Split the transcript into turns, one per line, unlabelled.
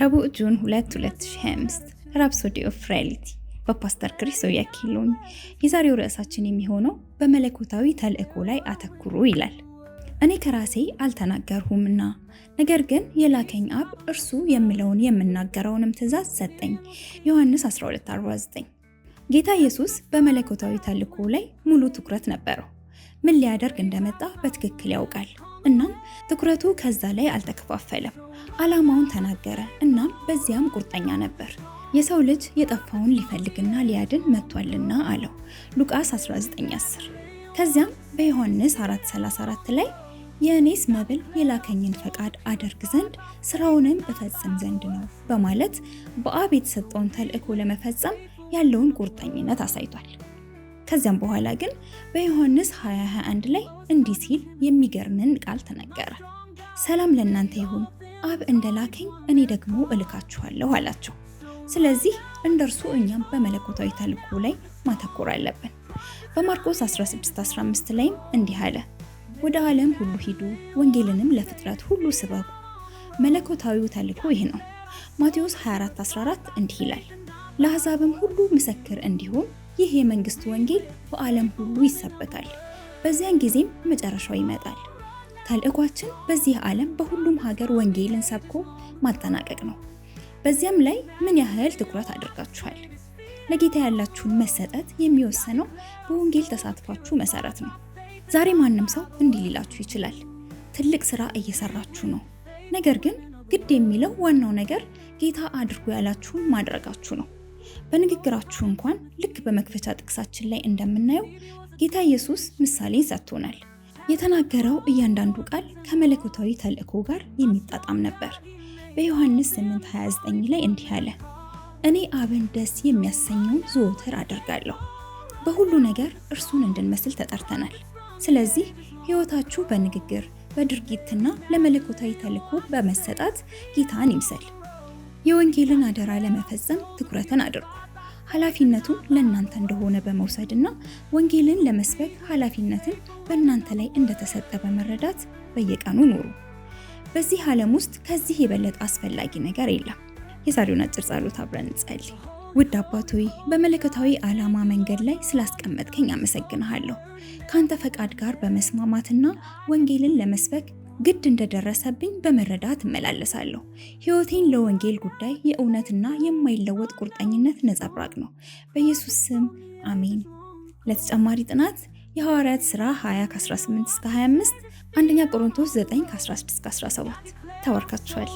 ረቡዕ ጁን 2 2025 ራፕሶዲ ኦፍ ሬሊቲ በፓስተር ክሪስ ኦያኪሎኝ። የዛሬው ርዕሳችን የሚሆነው በመለኮታዊ ተልእኮ ላይ አተኩሩ ይላል። እኔ ከራሴ አልተናገርሁምና ነገር ግን የላከኝ አብ እርሱ የሚለውን የምናገረውንም ትእዛዝ ሰጠኝ። ዮሐንስ 12:49 ጌታ ኢየሱስ በመለኮታዊ ተልእኮ ላይ ሙሉ ትኩረት ነበረው። ምን ሊያደርግ እንደመጣ በትክክል ያውቃል። እናም ትኩረቱ ከዛ ላይ አልተከፋፈለም። ዓላማውን ተናገረ፣ እናም በዚያም ቁርጠኛ ነበር። የሰው ልጅ የጠፋውን ሊፈልግና ሊያድን መጥቷልና አለው ሉቃስ 19:10። ከዚያም በዮሐንስ 4:34 ላይ የእኔስ መብል የላከኝን ፈቃድ አደርግ ዘንድ ስራውንም እፈጽም ዘንድ ነው በማለት በአብ የተሰጠውን ተልእኮ ለመፈጸም ያለውን ቁርጠኝነት አሳይቷል። ከዚያም በኋላ ግን በዮሐንስ 20:21 ላይ እንዲህ ሲል የሚገርምን ቃል ተነገረ። ሰላም ለእናንተ ይሁን፣ አብ እንደላከኝ እኔ ደግሞ እልካችኋለሁ አላቸው። ስለዚህ እንደርሱ እኛም በመለኮታዊ ተልእኮ ላይ ማተኮር አለብን። በማርቆስ 16:15 ላይም እንዲህ አለ፣ ወደ ዓለም ሁሉ ሂዱ፣ ወንጌልንም ለፍጥረት ሁሉ ስበኩ። መለኮታዊው ተልእኮ ይህ ነው። ማቴዎስ 24:14 እንዲህ ይላል፣ ለአሕዛብም ሁሉ ምስክር እንዲሆን ይህ የመንግስት ወንጌል በዓለም ሁሉ ይሰበካል፣ በዚያን ጊዜም መጨረሻው ይመጣል። ተልዕኳችን በዚህ ዓለም በሁሉም ሀገር ወንጌልን ሰብኮ ማጠናቀቅ ነው። በዚያም ላይ ምን ያህል ትኩረት አድርጋችኋል? ለጌታ ያላችሁን መሰጠት የሚወሰነው በወንጌል ተሳትፏችሁ መሰረት ነው። ዛሬ ማንም ሰው እንዲህ ሊላችሁ ይችላል፣ ትልቅ ስራ እየሰራችሁ ነው። ነገር ግን ግድ የሚለው ዋናው ነገር ጌታ አድርጎ ያላችሁን ማድረጋችሁ ነው። በንግግራችሁ እንኳን ልክ በመክፈቻ ጥቅሳችን ላይ እንደምናየው ጌታ ኢየሱስ ምሳሌ ሰጥቶናል። የተናገረው እያንዳንዱ ቃል ከመለኮታዊ ተልእኮ ጋር የሚጣጣም ነበር። በዮሐንስ 8:29 ላይ እንዲህ አለ፣ እኔ አብን ደስ የሚያሰኘውን ዘወትር አደርጋለሁ። በሁሉ ነገር እርሱን እንድንመስል ተጠርተናል። ስለዚህ ሕይወታችሁ በንግግር በድርጊትና ለመለኮታዊ ተልእኮ በመሰጣት ጌታን ይምሰል። የወንጌልን አደራ ለመፈጸም ትኩረትን አድርጉ። ኃላፊነቱን ለእናንተ እንደሆነ በመውሰድ ና ወንጌልን ለመስበክ ኃላፊነትን በእናንተ ላይ እንደተሰጠ በመረዳት በየቀኑ ኑሩ። በዚህ ዓለም ውስጥ ከዚህ የበለጠ አስፈላጊ ነገር የለም። የዛሬውን አጭር ጸሎት አብረን እንጸልይ። ውድ አባት ሆይ በመለኮታዊ ዓላማ መንገድ ላይ ስላስቀመጥከኝ አመሰግንሃለሁ። ከአንተ ፈቃድ ጋር በመስማማትና ወንጌልን ለመስበክ ግድ እንደደረሰብኝ በመረዳት እመላለሳለሁ። ሕይወቴን ለወንጌል ጉዳይ የእውነትና የማይለወጥ ቁርጠኝነት ነጸብራቅ ነው። በኢየሱስ ስም አሜን። ለተጨማሪ ጥናት የሐዋርያት ሥራ 20 18 እስከ 25 አንደኛ ቆሮንቶስ 9 16 17 ተባርካችኋል።